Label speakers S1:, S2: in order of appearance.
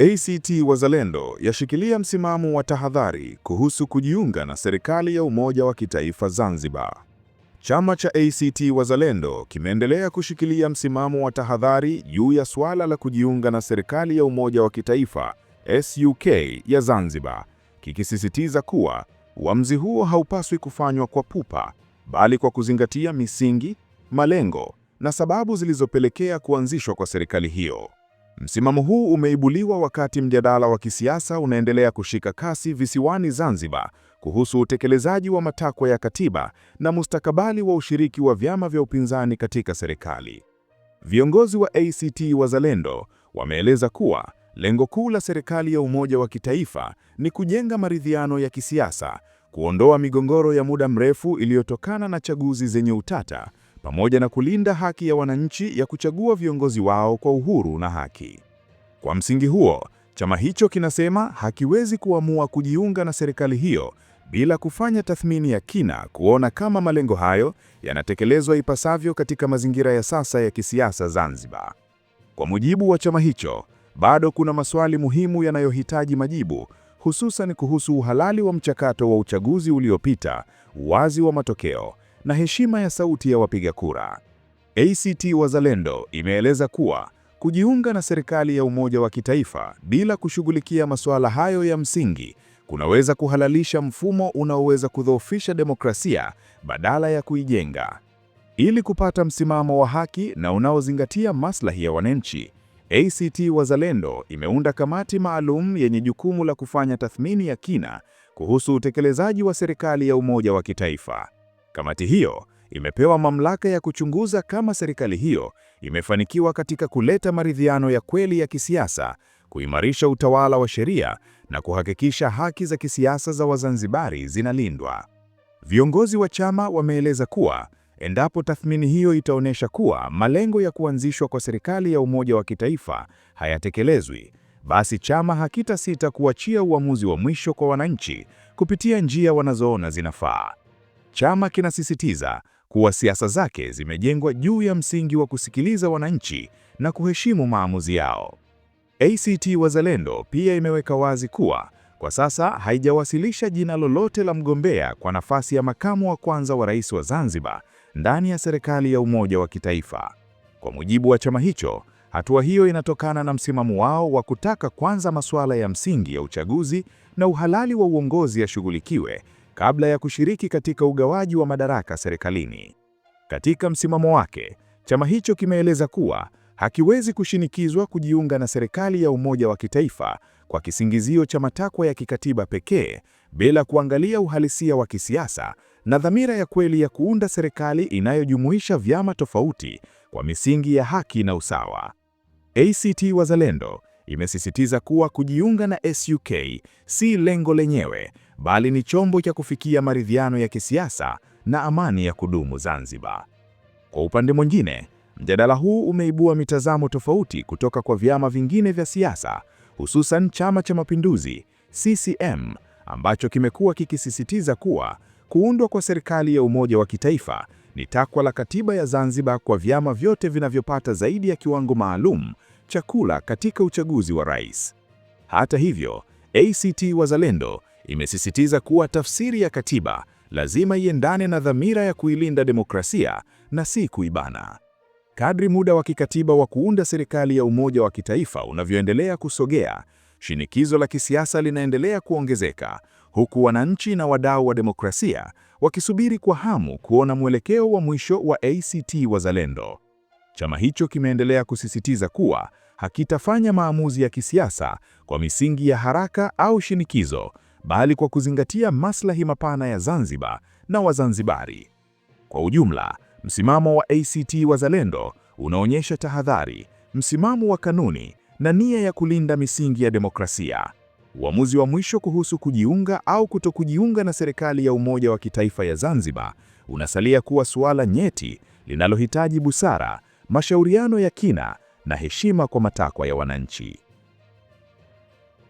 S1: ACT Wazalendo yashikilia msimamo wa tahadhari kuhusu kujiunga na serikali ya umoja wa kitaifa Zanzibar. Chama cha ACT Wazalendo kimeendelea kushikilia msimamo wa tahadhari juu ya suala la kujiunga na serikali ya umoja wa kitaifa SUK ya Zanzibar, kikisisitiza kuwa uamuzi huo haupaswi kufanywa kwa pupa, bali kwa kuzingatia misingi, malengo na sababu zilizopelekea kuanzishwa kwa serikali hiyo. Msimamo huu umeibuliwa wakati mjadala wa kisiasa unaendelea kushika kasi visiwani Zanzibar kuhusu utekelezaji wa matakwa ya katiba na mustakabali wa ushiriki wa vyama vya upinzani katika serikali. Viongozi wa ACT Wazalendo wameeleza kuwa lengo kuu la serikali ya umoja wa kitaifa ni kujenga maridhiano ya kisiasa, kuondoa migongoro ya muda mrefu iliyotokana na chaguzi zenye utata pamoja na kulinda haki ya wananchi ya kuchagua viongozi wao kwa uhuru na haki. Kwa msingi huo, chama hicho kinasema hakiwezi kuamua kujiunga na serikali hiyo bila kufanya tathmini ya kina kuona kama malengo hayo yanatekelezwa ipasavyo katika mazingira ya sasa ya kisiasa Zanzibar. Kwa mujibu wa chama hicho, bado kuna maswali muhimu yanayohitaji majibu, hususan kuhusu uhalali wa mchakato wa uchaguzi uliopita, uwazi wa matokeo na heshima ya sauti ya wapiga kura. ACT Wazalendo imeeleza kuwa kujiunga na serikali ya umoja wa kitaifa bila kushughulikia masuala hayo ya msingi kunaweza kuhalalisha mfumo unaoweza kudhoofisha demokrasia badala ya kuijenga. Ili kupata msimamo wa haki na unaozingatia maslahi ya wananchi, ACT Wazalendo imeunda kamati maalum yenye jukumu la kufanya tathmini ya kina kuhusu utekelezaji wa serikali ya umoja wa kitaifa. Kamati hiyo imepewa mamlaka ya kuchunguza kama serikali hiyo imefanikiwa katika kuleta maridhiano ya kweli ya kisiasa, kuimarisha utawala wa sheria na kuhakikisha haki za kisiasa za Wazanzibari zinalindwa. Viongozi wa chama wameeleza kuwa endapo tathmini hiyo itaonyesha kuwa malengo ya kuanzishwa kwa serikali ya umoja wa kitaifa hayatekelezwi, basi chama hakitasita kuachia uamuzi wa mwisho kwa wananchi kupitia njia wanazoona zinafaa. Chama kinasisitiza kuwa siasa zake zimejengwa juu ya msingi wa kusikiliza wananchi na kuheshimu maamuzi yao. ACT Wazalendo pia imeweka wazi kuwa kwa sasa haijawasilisha jina lolote la mgombea kwa nafasi ya makamu wa kwanza wa rais wa Zanzibar ndani ya serikali ya umoja wa kitaifa. Kwa mujibu wa chama hicho, hatua hiyo inatokana na msimamo wao wa kutaka kwanza masuala ya msingi ya uchaguzi na uhalali wa uongozi yashughulikiwe kabla ya kushiriki katika ugawaji wa madaraka serikalini. Katika msimamo wake, chama hicho kimeeleza kuwa hakiwezi kushinikizwa kujiunga na serikali ya umoja wa kitaifa kwa kisingizio cha matakwa ya kikatiba pekee bila kuangalia uhalisia wa kisiasa na dhamira ya kweli ya kuunda serikali inayojumuisha vyama tofauti kwa misingi ya haki na usawa. ACT Wazalendo imesisitiza kuwa kujiunga na SUK si lengo lenyewe bali ni chombo cha kufikia maridhiano ya kisiasa na amani ya kudumu Zanzibar. Kwa upande mwingine, mjadala huu umeibua mitazamo tofauti kutoka kwa vyama vingine vya siasa, hususan Chama cha Mapinduzi CCM ambacho kimekuwa kikisisitiza kuwa kuundwa kwa serikali ya umoja wa kitaifa ni takwa la katiba ya Zanzibar kwa vyama vyote vinavyopata zaidi ya kiwango maalum cha kula katika uchaguzi wa rais. Hata hivyo, ACT Wazalendo imesisitiza kuwa tafsiri ya katiba lazima iendane na dhamira ya kuilinda demokrasia na si kuibana. Kadri muda wa kikatiba wa kuunda serikali ya umoja wa kitaifa unavyoendelea kusogea, shinikizo la kisiasa linaendelea kuongezeka, huku wananchi na wadau wa demokrasia wakisubiri kwa hamu kuona mwelekeo wa mwisho wa ACT Wazalendo. Chama hicho kimeendelea kusisitiza kuwa hakitafanya maamuzi ya kisiasa kwa misingi ya haraka au shinikizo, bali kwa kuzingatia maslahi mapana ya Zanzibar na Wazanzibari. Kwa ujumla, msimamo wa ACT Wazalendo unaonyesha tahadhari, msimamo wa kanuni na nia ya kulinda misingi ya demokrasia. Uamuzi wa mwisho kuhusu kujiunga au kutokujiunga na serikali ya umoja wa kitaifa ya Zanzibar unasalia kuwa suala nyeti linalohitaji busara, mashauriano ya kina na heshima kwa matakwa ya wananchi.